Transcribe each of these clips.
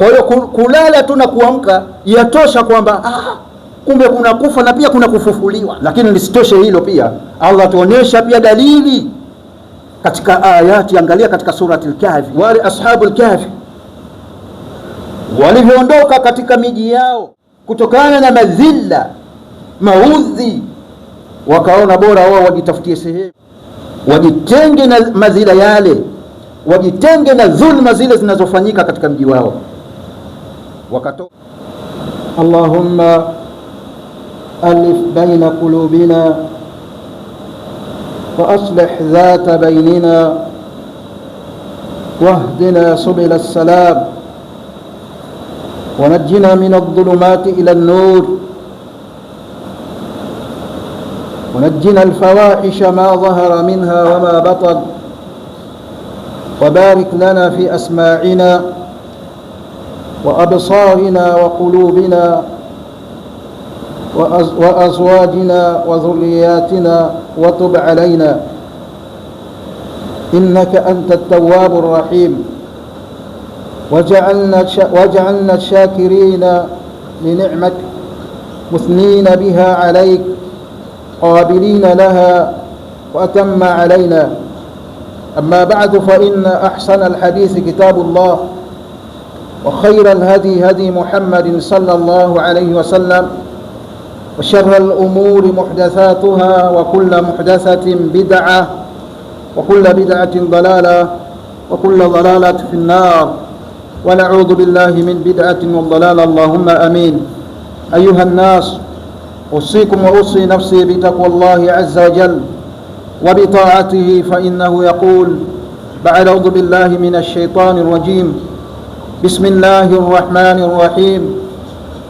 Kwa hiyo kulala tu na kuamka yatosha kwamba ah, kumbe kuna kufa na pia kuna kufufuliwa. Lakini lisitoshe hilo pia, Allah atuonyesha pia dalili katika ayati. Angalia katika surati Al-Kahfi, wale ashabu al-Kahfi walivyoondoka katika miji yao kutokana na madhila maudhi, wakaona bora wao wajitafutie sehemu, wajitenge na madhila yale, wajitenge na dhulma zile zinazofanyika katika mji wao. وكتب اللهم ألف بين قلوبنا وأصلح ذات بيننا واهدنا سبل السلام ونجنا من الظلمات إلى النور ونجنا الفواحش ما ظهر منها وما بطن وبارك لنا في أسماعنا وأبصارنا وقلوبنا وأزواجنا وذرياتنا وتب علينا إنك أنت التواب الرحيم وجعلنا وجعلنا شاكرين لنعمك مثنين بها عليك قابلين لها وأتم علينا أما بعد فإن أحسن الحديث كتاب الله وخير الهدي هدي محمد صلى الله عليه وسلم وشر الأمور محدثاتها وكل محدثة بدعة وكل بدعة ضلالة وكل ضلالة في النار ونعوذ بالله من بدعة والضلال اللهم أمين أيها الناس أوصيكم وأوصي نفسي بتقوى الله عز وجل وبطاعته فإنه يقول بعد أعوذ بالله من الشيطان الرجيم بسم الله الرحمن الرحيم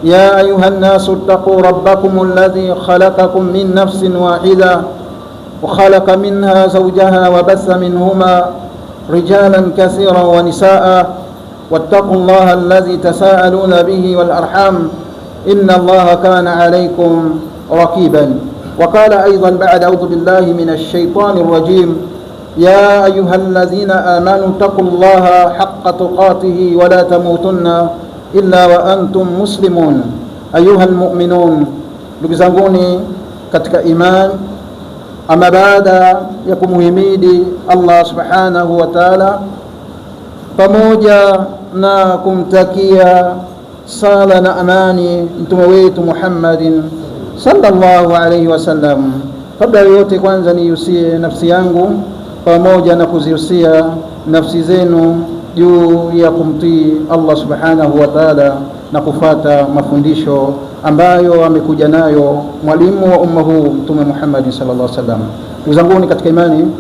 يا أيها الناس اتقوا ربكم الذي خلقكم من نفس واحدة وخلق منها زوجها وبث منهما رجالا كثيرا ونساء واتقوا الله الذي تساءلون به والأرحام إن الله كان عليكم رقيبا وقال أيضا بعد أعوذ بالله من الشيطان الرجيم يا أيها الذين آمنوا اتقوا الله حق تقاته ولا تموتن إلا وأنتم مسلمون أيها المؤمنون لقزنقوني كتك إيمان أما بعد يكم هميدي الله سبحانه وتعالى فموجا ناكم تكيا صالة نأماني انتم ويت محمد صلى الله عليه وسلم Kabla yote, يسي نفسي nafsi pamoja na kuzihusia nafsi zenu juu ya kumtii Allah subhanahu wa ta'ala na kufata mafundisho ambayo amekuja nayo mwalimu wa umma huu Mtume Muhammad sallallahu alaihi wasallam. Ndugu ni katika imani,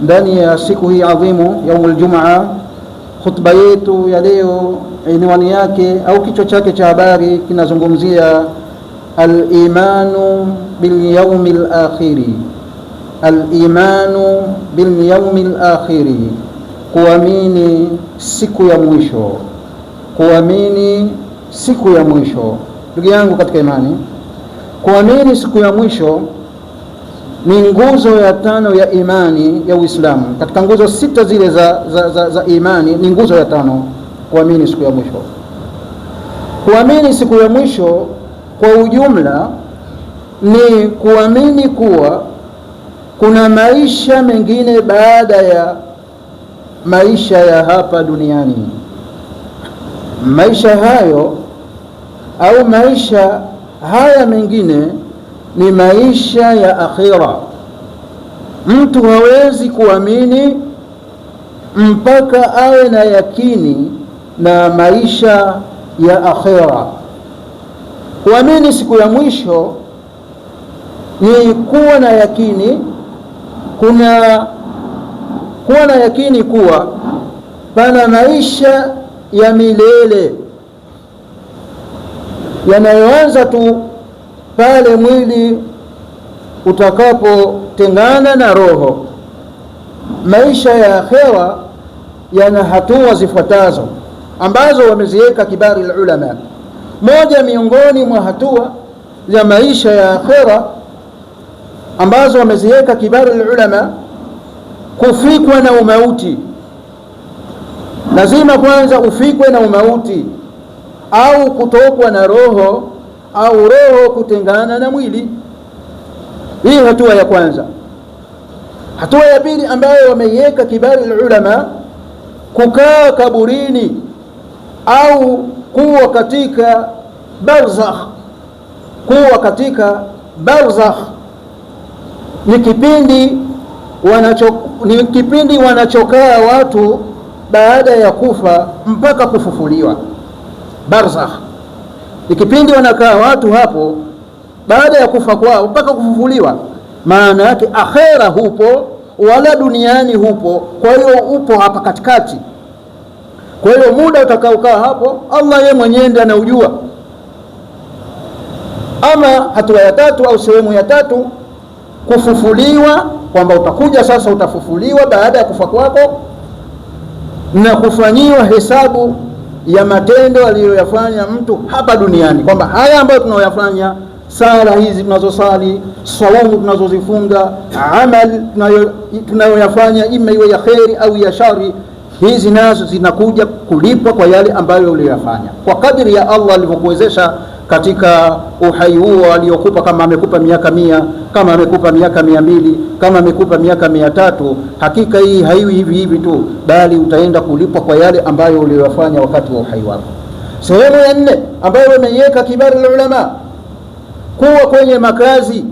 ndani ya siku hii adhimu yaumul Jumaa, khutba yetu ya leo inwani yake au kichwa chake cha habari kinazungumzia al-imanu bil yaumil akhiri Al-imanu bil kuamini siku ya mwisho. Kuamini siku ya mwisho, ndugu yangu katika imani, kuamini siku ya mwisho ni nguzo ya tano ya imani ya Uislamu. Katika nguzo sita zile za, za, za, za imani ni nguzo ya tano kuamini siku ya mwisho. Kuamini siku ya mwisho kwa ujumla ni kuamini kuwa kuna maisha mengine baada ya maisha ya hapa duniani. Maisha hayo au maisha haya mengine ni maisha ya akhira. Mtu hawezi kuamini mpaka awe na yakini na maisha ya akhira. Kuamini siku ya mwisho ni kuwa na yakini kuna kuwa na yakini kuwa pana maisha ya milele yanayoanza tu pale mwili utakapotengana na roho. Maisha ya akhera yana hatua zifuatazo ambazo wameziweka kibari ulama. Moja miongoni mwa hatua ya maisha ya akhera ambazo wameziweka kibaru ulama kufikwa na umauti. Lazima kwanza ufikwe na umauti au kutokwa na roho au roho kutengana na mwili. Hii hatua ya kwanza. Hatua ya pili ambayo wameiweka kibari ulama, kukaa kaburini au kuwa katika barzakh, kuwa katika barzakh ni kipindi wanacho ni kipindi wanachokaa watu baada ya kufa mpaka kufufuliwa. Barzakh ni kipindi wanakaa watu hapo baada ya kufa kwao mpaka kufufuliwa. Maana yake akhera hupo wala duniani hupo, kwa hiyo upo hapa katikati. Kwa hiyo muda utakaokaa hapo Allah yeye mwenyewe ndiye anaujua. Ama hatua ya tatu au sehemu ya tatu kufufuliwa, kwamba utakuja sasa, utafufuliwa baada ya kufa kwako na kufanyiwa hesabu ya matendo aliyoyafanya mtu hapa duniani, kwamba haya ambayo tunayoyafanya, sala hizi tunazosali, saumu tunazozifunga, amali tunayoyafanya, ima iwe ya kheri au ya shari, hizi nazo zinakuja kulipwa kwa yale ambayo uliyoyafanya, kwa kadiri ya Allah alivyokuwezesha katika uhai huo aliokupa, kama amekupa miaka mia, kama amekupa miaka mia mbili, kama amekupa miaka mia tatu, hakika hii haiwi hivi hivi tu, bali utaenda kulipwa kwa yale ambayo uliyofanya wakati wa uhai wako. Sehemu ya nne ambayo wameiweka kibari la ulama kuwa kwenye makazi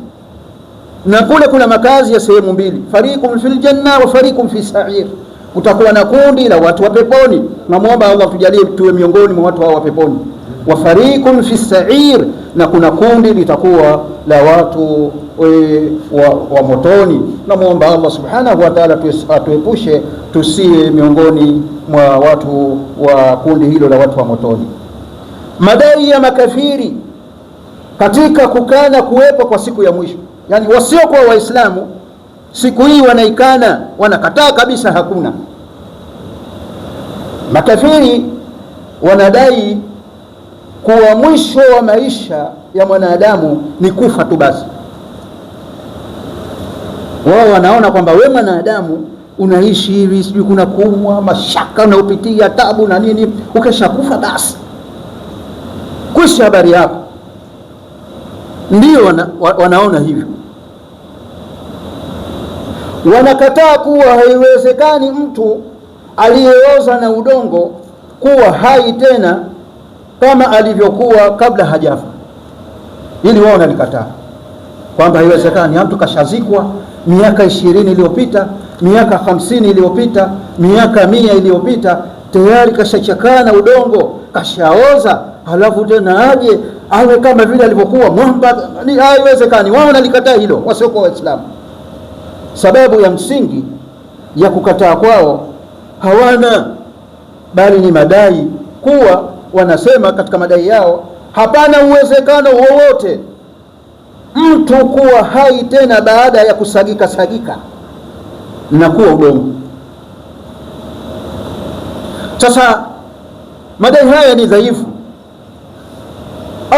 na kule kuna makazi ya sehemu mbili, fariqun fil janna wa fariqun fi sa'ir. Kutakuwa na kundi la watu wa peponi. Namwomba Allah tujalie tuwe miongoni mwa watu hao wa peponi wa fariqun fi sa'ir, na kuna kundi litakuwa la watu we, wa, wa motoni. Namwomba Allah subhanahu wa ta'ala atuepushe tusiwe miongoni mwa watu wa kundi hilo la watu wa motoni. Madai ya makafiri katika kukana kuwepo kwa siku ya mwisho, yani wasiokuwa Waislamu siku hii wanaikana, wanakataa kabisa, hakuna makafiri wanadai kuwa mwisho wa maisha ya mwanadamu ni kufa tu basi. Wao wanaona kwamba we mwanadamu unaishi hivi, sijui kuna kuumwa, mashaka unaopitia, tabu na nini, ukishakufa basi kwisha habari yako. Ndio wana, wanaona hivyo. Wanakataa kuwa haiwezekani mtu aliyeoza na udongo kuwa hai tena kama alivyokuwa kabla hajafa. Ili wao wanalikataa kwamba haiwezekani, mtu kashazikwa miaka ishirini iliyopita miaka hamsini iliyopita miaka mia iliyopita tayari kashachakana udongo kashaoza, halafu tena aje awe kama vile alivyokuwa mwamba? Haiwezekani. Wao wanalikataa hilo, wasiokuwa Waislamu. Sababu ya msingi ya kukataa kwao hawana, bali ni madai kuwa wanasema katika madai yao, hapana uwezekano wowote mtu kuwa hai tena baada ya kusagika sagika na kuwa udongo. Sasa madai haya ni dhaifu.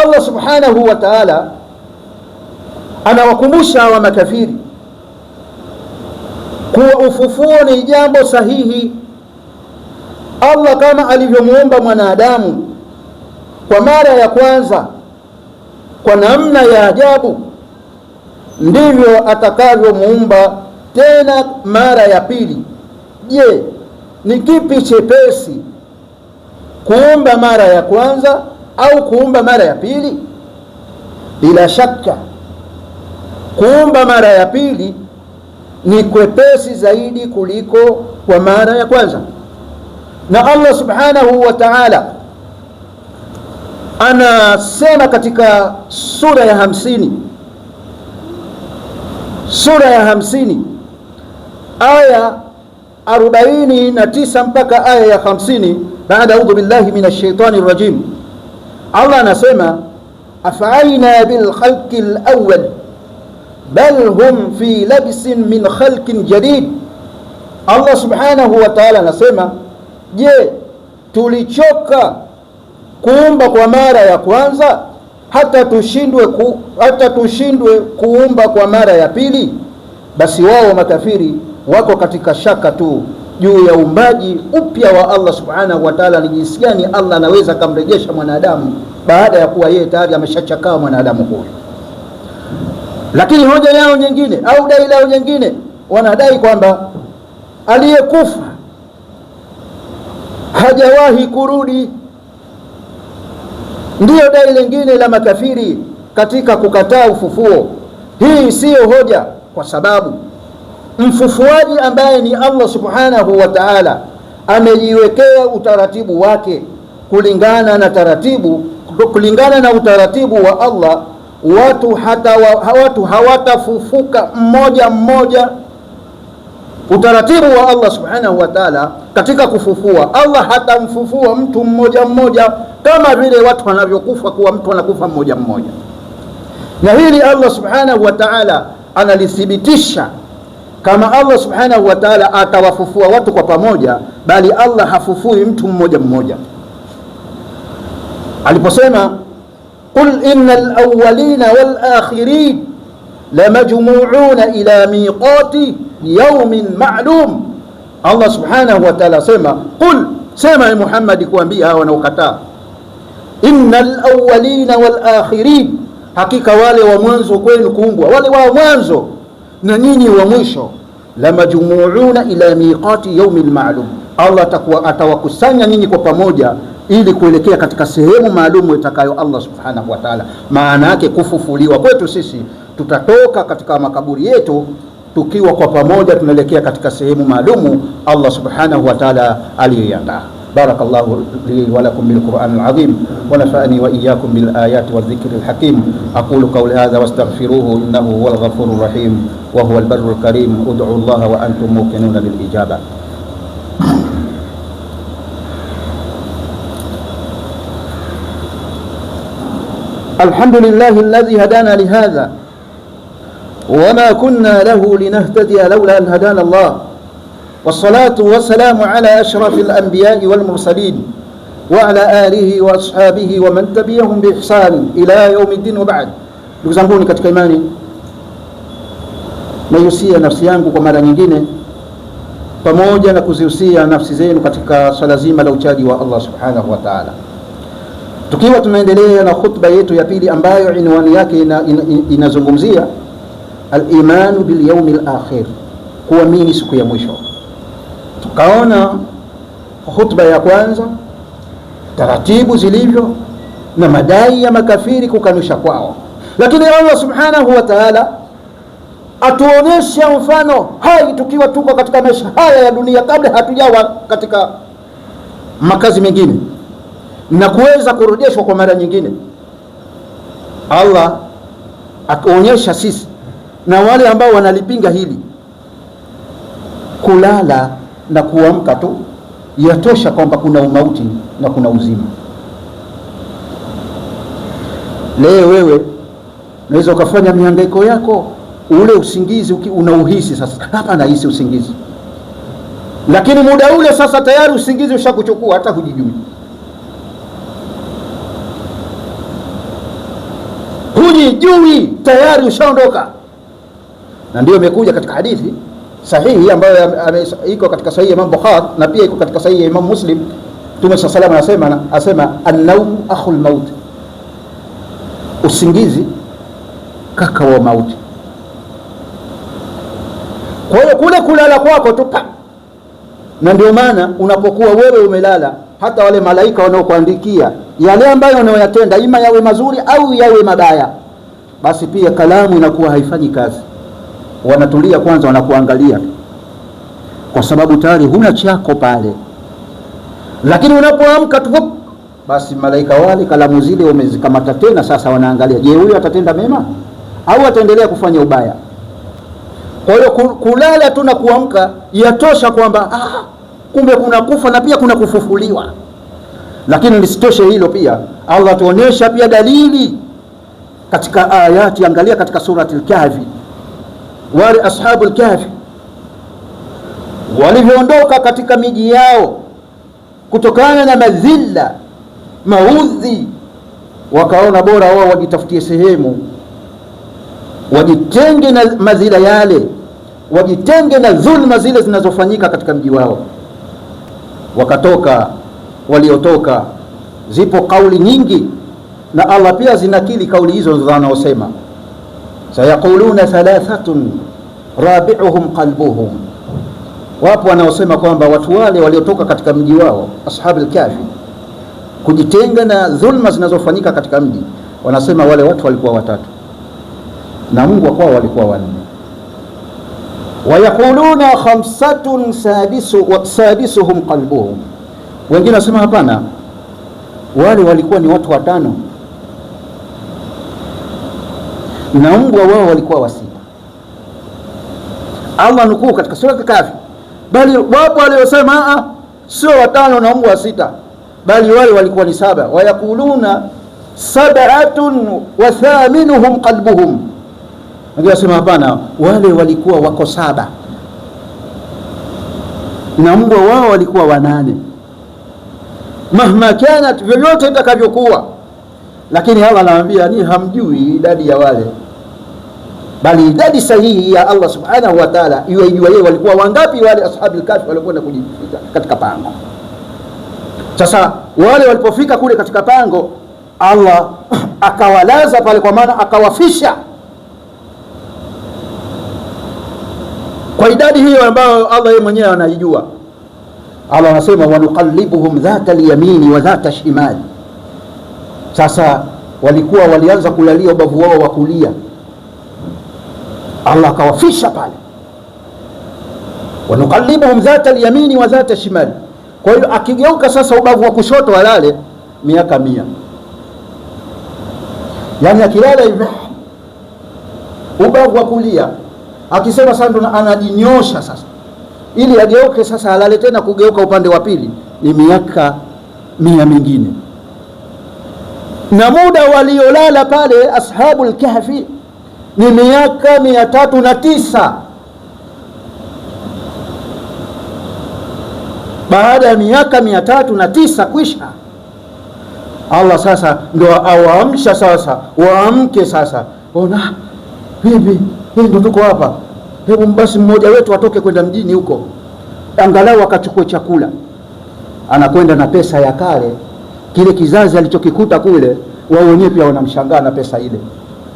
Allah subhanahu wa ta'ala anawakumbusha hawa makafiri kuwa ufufuo ni jambo sahihi Allah kama alivyomuumba mwanadamu kwa mara ya kwanza kwa namna ya ajabu, ndivyo atakavyomuumba tena mara ya pili. Je, ni kipi chepesi, kuumba mara ya kwanza au kuumba mara ya pili? Bila shaka kuumba mara ya pili ni kwepesi zaidi kuliko kwa mara ya kwanza na Allah subhanahu wa ta'ala anasema katika sura ya hamsini sura ya hamsini aya arobaini na tisa mpaka aya ya hamsini baada audhu billahi min ashaitani rajim Allah anasema afaina bilkhalqi alawwal bal hum fi labsin min khalqin jadid Allah subhanahu wa ta'ala anasema Je, tulichoka kuumba kwa mara ya kwanza hata tushindwe, ku, hata tushindwe kuumba kwa mara ya pili? Basi wao makafiri wako katika shaka tu juu ya uumbaji upya wa Allah subhanahu wa ta'ala, ni jinsi gani Allah anaweza akamrejesha mwanadamu baada ya kuwa yeye tayari ameshachakaa mwanadamu huyo. Lakini hoja yao nyingine au dai lao nyingine, wanadai kwamba aliyekufa hajawahi kurudi. Ndiyo dai lingine la makafiri katika kukataa ufufuo. Hii siyo hoja, kwa sababu mfufuaji ambaye ni Allah subhanahu wa ta'ala amejiwekea utaratibu wake kulingana na taratibu, kulingana na utaratibu wa Allah, watu hata wa, watu hawatafufuka mmoja mmoja Utaratibu wa Allah subhanahu wa ta'ala katika kufufua, Allah hatamfufua mtu mmoja mmoja kama vile watu wanavyokufa, kuwa mtu anakufa mmoja mmoja. Na hili Allah subhanahu wa ta'ala analithibitisha kama Allah subhanahu wa ta'ala atawafufua watu kwa pamoja, bali Allah hafufui mtu mmoja mmoja, aliposema qul innal awwalina wal akhirin lamajmuuna ila miqati yaumin maalum. Allah subhanahu wa taala asema qul, sema ya Muhammadi, kuambia hawa wanaokataa, innal awwalina wal akhirin, hakika wale wa mwanzo kwenu kuumbwa, wale wa mwanzo na nyinyi wa mwisho, lamajmuuna ila miqati yaumin maalum. Allah atakuwa atawakusanya nyinyi kwa pamoja ili kuelekea katika sehemu maalumu itakayo Allah subhanahu wa ta'ala. Maana yake kufufuliwa kwetu sisi, tutatoka katika makaburi yetu tukiwa kwa pamoja tunaelekea katika sehemu maalumu Allah subhanahu wa ta'ala aliyoiandaa. Barakallahu li wa lakum bil Qur'an al azim wa nafa'ani wa iyyakum bil ayati wa dhikri al hakim aqulu qawli hadha wastaghfiruhu innahu huwal ghafurur rahim wa huwal barrul karim ud'u Allah wa antum muqinuna bil ijaba الحمد لله الذي هدانا لهذا وما كنا له لنهتدي لولا أن هدانا الله والصلاة والسلام على أشرف الأنبياء والمرسلين وعلى آله وأصحابه ومن تبعهم بإحسان إلى يوم الدين وبعد ndugu كتكيماني ما يسيى نفسي nafsi yangu kwa mara nyingine pamoja na kuzihusia nafsi zenu katika swala zima la uchaji wa Allah subhanahu wa ta'ala Tukiwa tunaendelea na khutba yetu ya pili ambayo inwani yake inazungumzia ina, ina, ina al-imanu bil akhir, kuamini siku ya mwisho. Tukaona khutba ya kwanza taratibu zilivyo na madai ya makafiri kukanusha kwao, lakini Allah subhanahu wa ta'ala atuonesha mfano hai tukiwa tuko katika maisha haya ya dunia kabla hatujawa katika makazi mengine na kuweza kurejeshwa kwa mara nyingine. Allah akuonyesha sisi na wale ambao wanalipinga hili, kulala na kuamka tu yatosha kwamba kuna umauti na kuna uzima. Leo wewe unaweza ukafanya mihangaiko yako, ule usingizi unauhisi sasa, hapa nahisi usingizi, lakini muda ule sasa tayari usingizi ushakuchukua, hata hujijui. hujui tayari ushaondoka. Na ndio imekuja katika hadithi sahihi ambayo iko katika sahihi ya Imam Bukhari na pia iko katika sahihi ya Imam Muslim. Mtume saa salam anasema asema annaumu akhul maut, usingizi kaka wa mauti. Kwa hiyo kule kulala kwako tu na ndio maana unapokuwa wewe umelala, hata wale malaika wanaokuandikia yale ambayo unayoyatenda, ima yawe mazuri au yawe mabaya basi pia kalamu inakuwa haifanyi kazi. Wanatulia kwanza, wanakuangalia kwa sababu tayari huna chako pale, lakini unapoamka tu basi malaika wale kalamu zile wamezikamata tena. Sasa wanaangalia, je, huyo atatenda mema au ataendelea kufanya ubaya? Kwa hiyo kulala tu na kuamka yatosha kwamba ah, kumbe kuna kufa na pia kuna kufufuliwa. Lakini lisitoshe hilo, pia Allah tuonesha pia dalili katika ayati, angalia katika surati Al-Kahfi, wale ashabu Al-Kahfi walivyoondoka katika miji yao kutokana na madhila, maudhi, wakaona bora wao wajitafutie sehemu, wajitenge na madhila yale, wajitenge na dhulma zile zinazofanyika katika mji wao. Wakatoka waliotoka. Zipo kauli nyingi na Allah pia zinakili kauli hizo wanaosema sayaquluna thalathatun rabi'uhum qalbuhum, wapo wanaosema kwamba watu wale waliotoka katika mji wao ashabul kahfi kujitenga na dhulma zinazofanyika katika mji, wanasema wale watu walikuwa watatu na Mungu kwao walikuwa wanne. Wayaquluna khamsatun sadisu, sadisuhum qalbuhum, wengine wanasema hapana, wale walikuwa ni watu watano na mbwa wao walikuwa wasita. Allah nukuu katika sura Kafi, bali wapo waliosema ah, sio watano na mbwa sita bali wale walikuwa ni saba. Wayakuluna sabatun wa thaminuhum qalbuhum, wasema hapana, wale walikuwa wako saba na mbwa wao walikuwa wanane. Mahma kanat, vyovyote itakavyokuwa, lakini Allah anawaambia ni hamjui idadi ya wale bali idadi sahihi ya Allah subhanahu wa ta'ala iwaijua yeye walikuwa wangapi wale ashabi lkafi waliokwenda kujificha katika pango. Sasa wale walipofika kule katika pango, Allah akawalaza pale, kwa maana akawafisha kwa idadi hiyo ambayo Allah yeye mwenyewe anaijua. Allah anasema wanuqalibuhum dhata lyamini wa dhata shimali. Sasa walikuwa walianza kulalia ubavu wao wa kulia Allah akawafisha pale, wanuqallibuhum dhata alyamini wa dhata shimali. Kwa hiyo akigeuka sasa ubavu wa kushoto alale miaka mia, yani akilala hivi ubavu wa kulia akisema sasa ndo anajinyosha sasa, ili ageuke sasa alale tena kugeuka upande wa pili, ni miaka mia mingine, na muda waliolala pale ashabul kahfi ni miaka mia tatu na tisa baada ya miaka mia tatu na tisa kwisha, Allah sasa ndo awaamsha sasa, waamke sasa. Ona hivi hii ndo tuko hapa, hebu basi mmoja wetu atoke kwenda mjini huko, angalau akachukue chakula. Anakwenda na pesa ya kale, kile kizazi alichokikuta kule, wao wenyewe pia wanamshangaa na pesa ile.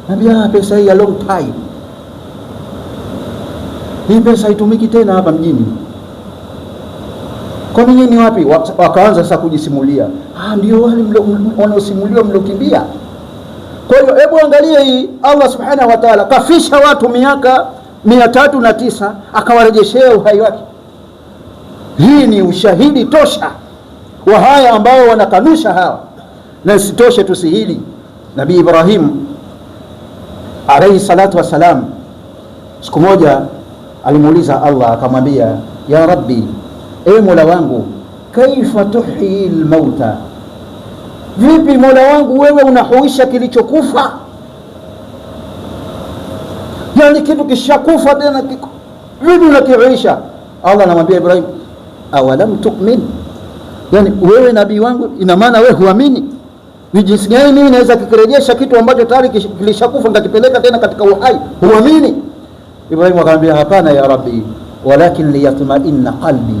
Naambia ah, pesa hii ya long time. Hii pesa haitumiki tena hapa mjini. Kwa nini ni wapi? Wakaanza sasa kujisimulia. Ah, ndio wale wanaosimuliwa mliokimbia. Kwa hiyo hebu angalie hii, Allah subhanahu wa ta'ala kafisha watu miaka mia tatu na tisa akawarejeshea uhai wake. Hii ni ushahidi tosha wa haya ambao wanakanusha hawa, na sitoshe tu si hili Nabii Ibrahim alaihi salatu wassalam, siku moja alimuuliza Allah akamwambia, ya rabbi, ewe mola wangu, kaifa tuhyi lmauta, vipi mola wangu wewe unahuisha kilichokufa? Yani kitu kishakufa tena vipi unakihuisha? Allah anamwambia Ibrahim, awalam tu'min, yani wewe nabii wangu, ina maana wewe huamini ni jinsi gani mimi naweza kukirejesha kitu ambacho tayari kilishakufa nikakipeleka tena katika uhai? Huamini? Ibrahimu akamwambia hapana, ya Rabbi, walakin liyatmainna qalbi,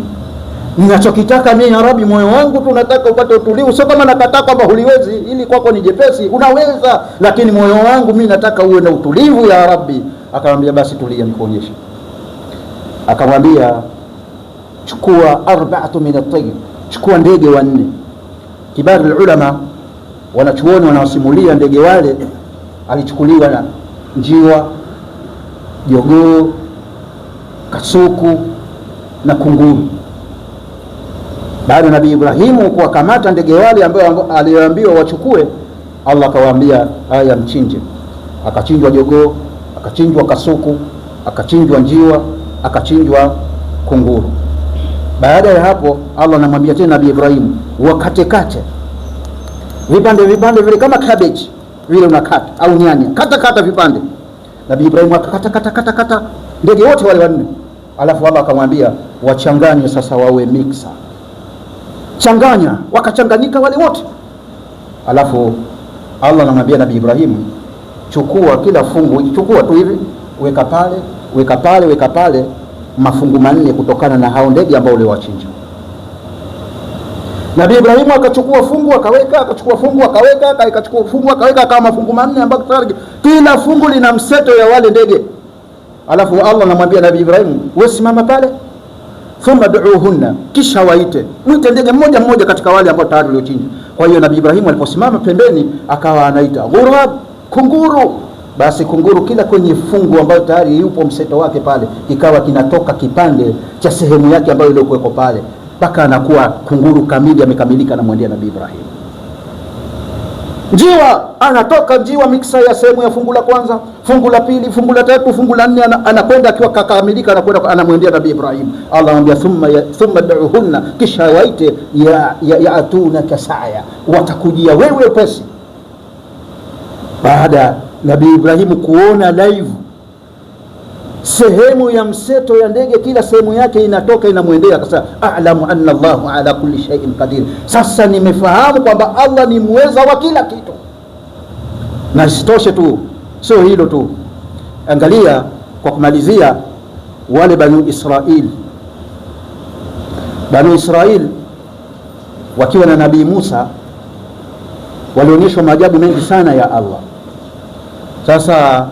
ninachokitaka mimi ya Rabbi, moyo wangu tu nataka upate utulivu. Sio kama nakataa kwamba huliwezi, ili kwako ni jepesi, unaweza, lakini moyo wangu mimi nataka uwe na utulivu ya Rabbi. Akamwambia basi tulia, nikuonyeshe. Akamwambia chukua arba'atu min at-tayr, chukua ndege wanne. Kibarul ulama Wanachuoni wanaosimulia ndege wale alichukuliwa na njiwa, jogoo, kasuku na kunguru. Baada Nabii Ibrahimu kuwakamata ndege wale ambao aliyoambiwa wachukue, Allah akawaambia haya, mchinje. Akachinjwa jogoo, akachinjwa kasuku, akachinjwa njiwa, akachinjwa kunguru. Baada ya hapo, Allah anamwambia tena Nabii Ibrahimu wakatekate vipande vipande vile kama cabbage vile unakata au nyanya, kata kata vipande. Nabii Ibrahim akakata kata kata kata ndege wote wale wanne, alafu Allah akamwambia wachanganye sasa, wawe mixer, changanya. Wakachanganyika wale wote, alafu Allah anamwambia Nabii Ibrahim, chukua kila fungu, chukua tu hivi, weka pale, weka pale, weka pale, mafungu manne kutokana na hao ndege ambao uliowachinja. Nabii Ibrahimu akachukua fungu akaweka, akachukua fungu akaweka, akachukua fungu akaweka, kama mafungu manne ambayo tayari kila fungu lina mseto ya wale ndege. Alafu Allah anamwambia Nabii Ibrahimu, wewe simama pale, thumma duuhunna, kisha waite, mwite ndege mmoja mmoja katika wale ambao tayari waliochinja. Kwa hiyo Nabii Ibrahimu aliposimama pembeni, akawa anaita ghurab, kunguru. Basi kunguru kila kwenye fungu ambayo tayari yupo mseto wake pale, kikawa kinatoka kipande cha sehemu yake ambayo ilikuweko pale mpaka anakuwa kunguru kamili, amekamilika, anamwendea Nabii Ibrahim. Njiwa anatoka njiwa, miksa ya sehemu ya fungu la kwanza, fungu la pili, fungu la tatu, fungu la nne, anakwenda akiwa kakamilika, anakwenda anamwendea Nabii Ibrahim. Allah anamwambia thumma ya, thumma duhunna, kisha waite ya, ya, ya kasaya, watakujia wewe upesi. Baada Nabii Ibrahimu kuona live sehemu ya mseto ya ndege, kila sehemu yake inatoka inamwendea. Akasema a'lamu anna Allahu ala kulli shay'in qadir, sasa nimefahamu kwamba Allah ni muweza wa kila kitu. Na sitoshe tu, sio hilo tu, angalia kwa kumalizia, wale banu Israil, banu Israil wakiwa na nabii Musa walionyeshwa maajabu mengi sana ya Allah. Sasa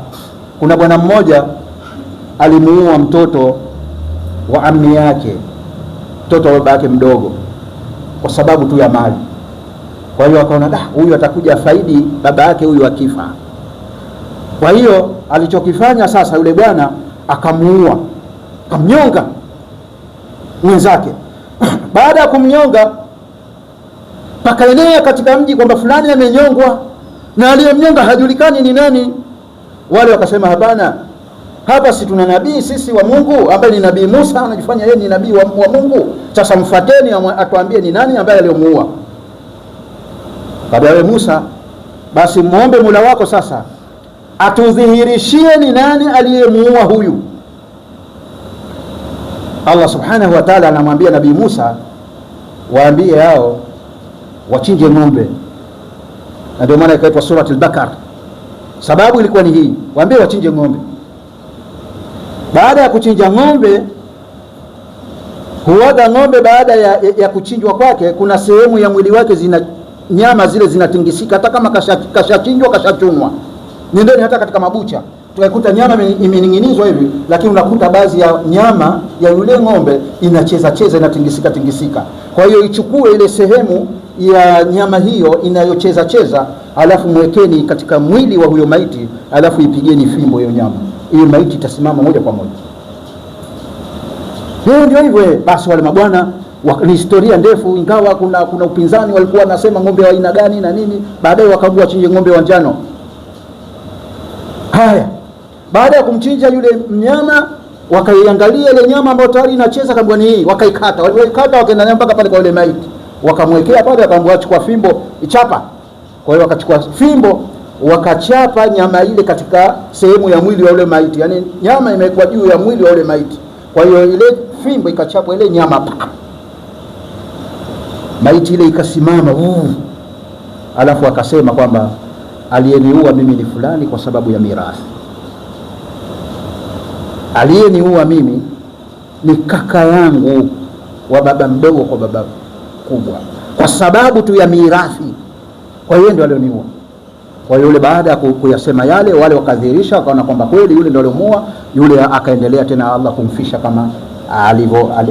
kuna bwana mmoja alimuua mtoto wa ammi yake, mtoto wa baba yake mdogo, kwa sababu tu ya mali. Kwa hiyo akaona da, huyu atakuja faidi baba yake huyu akifa. Kwa hiyo alichokifanya sasa, yule bwana akamuua, akamnyonga mwenzake. Baada ya kumnyonga, pakaenea katika mji kwamba fulani amenyongwa, na aliyemnyonga hajulikani ni nani. Wale wakasema hapana hapa si tuna nabii sisi wa Mungu ambaye ni nabii Musa anajifanya yeye ni nabii wa, wa Mungu. Sasa mfateni atuambie ni nani ambaye aliyomuua. Baada ya Musa, basi muombe mula wako sasa atudhihirishie ni nani aliyemuua huyu. Allah subhanahu wa ta'ala anamwambia nabii Musa, waambie hao wachinje ng'ombe, na ndio maana ikaitwa al-Baqara. Sababu ilikuwa ni hii, waambie wachinje ng'ombe baada ya kuchinja ng'ombe, huwaga ng'ombe baada ya, ya kuchinjwa kwake, kuna sehemu ya mwili wake zina nyama zile zinatingisika, hata kama kashachinjwa kasha kashachunwa. Nendeni hata katika mabucha tukaikuta nyama imening'inizwa hivi, lakini unakuta baadhi ya nyama ya yule ng'ombe inacheza cheza inatingisika tingisika. Kwa hiyo ichukue ile sehemu ya nyama hiyo inayocheza cheza, alafu mwekeni katika mwili wa huyo maiti, alafu ipigeni fimbo hiyo nyama hiyo maiti itasimama moja kwa moja. Hiyo ndio hivyo eh, basi, wale mabwana ni historia ndefu, ingawa kuna kuna upinzani, walikuwa wanasema ng'ombe wa aina gani na nini, baadaye wakagua wachinje ng'ombe wa njano. Haya, baada ya kumchinja yule mnyama, wakaiangalia ile nyama ambayo tayari inacheza, kaambiwa ni hii, wakaikata. Walipoikata wakaenda nayo mpaka pale kwa yule maiti, wakamwekea pale, wakaambiwa chukua fimbo ichapa. Kwa hiyo wakachukua fimbo, wakachapa nyama ile katika sehemu ya mwili wa ule maiti, yani nyama imekuwa juu ya mwili wa ule maiti. Kwa hiyo ile fimbo ikachapwa ile nyama pa maiti ile ikasimama uu, alafu akasema kwamba aliyeniua mimi ni fulani kwa sababu ya mirathi, aliyeniua mimi ni kaka yangu wa baba mdogo kwa baba kubwa, kwa sababu tu ya mirathi. Kwa hiyo ndio alioniua kwa yule baada ya kuyasema yale, wale wakadhihirisha wakaona kwamba kweli yule ndio aliomua yule, akaendelea tena Allah kumfisha kama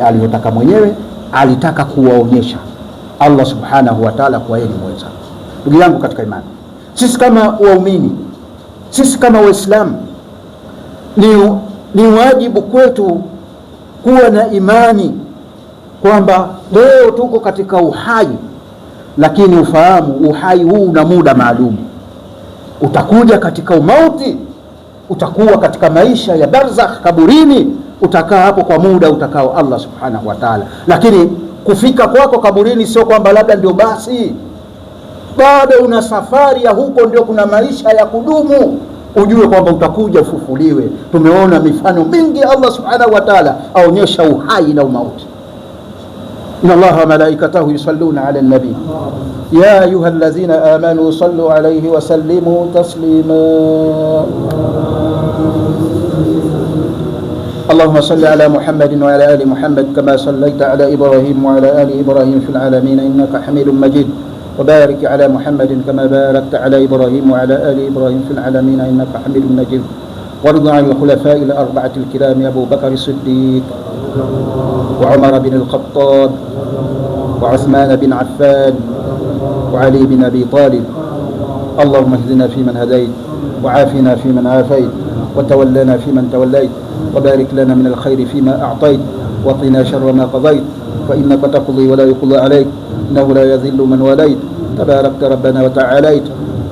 alivyotaka mwenyewe. Alitaka kuwaonyesha Allah subhanahu wa ta'ala kwa yeye ni mweza. Ndugu yangu katika imani, sisi kama waumini, sisi kama Waislamu, ni, ni wajibu kwetu kuwa na imani kwamba leo tuko katika uhai, lakini ufahamu uhai huu una muda maalum utakuja katika umauti, utakuwa katika maisha ya barzakh kaburini, utakaa hapo kwa muda utakao Allah subhanahu wa ta'ala. Lakini kufika kwako kaburini sio kwamba labda ndio basi, bado una safari ya huko, ndio kuna maisha ya kudumu. Ujue kwamba utakuja ufufuliwe. Tumeona mifano mingi, Allah subhanahu wa ta'ala aonyesha uhai na umauti. إن الله وملائكته يصلون على النبي يا أيها الذين آمنوا صلوا عليه وسلموا تسليما اللهم صل على محمد وعلى آل محمد كما صليت على إبراهيم وعلى آل إبراهيم في العالمين إنك حميد مجيد وبارك على محمد كما باركت على إبراهيم وعلى آل إبراهيم في العالمين إنك حميد مجيد وارض عن الخلفاء الأربعة الكرام أبو بكر الصديق وعمر بن الخطاب وعثمان بن عفان وعلي بن أبي طالب اللهم اهدنا فيمن هديت وعافنا فيمن عافيت وتولنا فيمن توليت وبارك لنا من الخير فيما أعطيت وقنا شر ما قضيت فإنك تقضي ولا يقضى عليك إنه لا يذل من وليت تباركت ربنا وتعاليت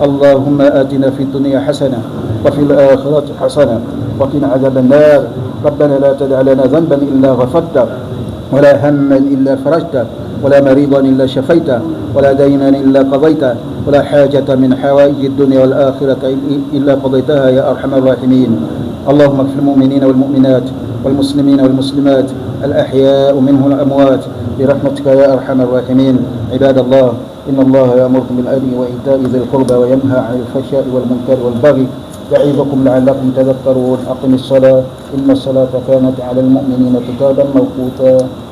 اللهم آتنا في الدنيا حسنة وفي الآخرة حسنة وقنا عذاب النار ربنا لا تدع لنا ذنبا إلا غفرته ولا هما إلا فرجته ولا مريضا إلا شفيته ولا دينا إلا قضيته ولا حاجة من حوائج الدنيا والآخرة إلا قضيتها يا أرحم الراحمين اللهم اغفر المؤمنين والمؤمنات والمسلمين والمسلمات الأحياء منهم الأموات برحمتك يا أرحم الراحمين عباد الله إن الله يأمركم بالعدل وإيتاء ذي القربى وينهى عن الفحشاء والمنكر والبغي يعظكم لعلكم تذكرون أقم الصلاة إن الصلاة كانت على المؤمنين كتابا موقوتا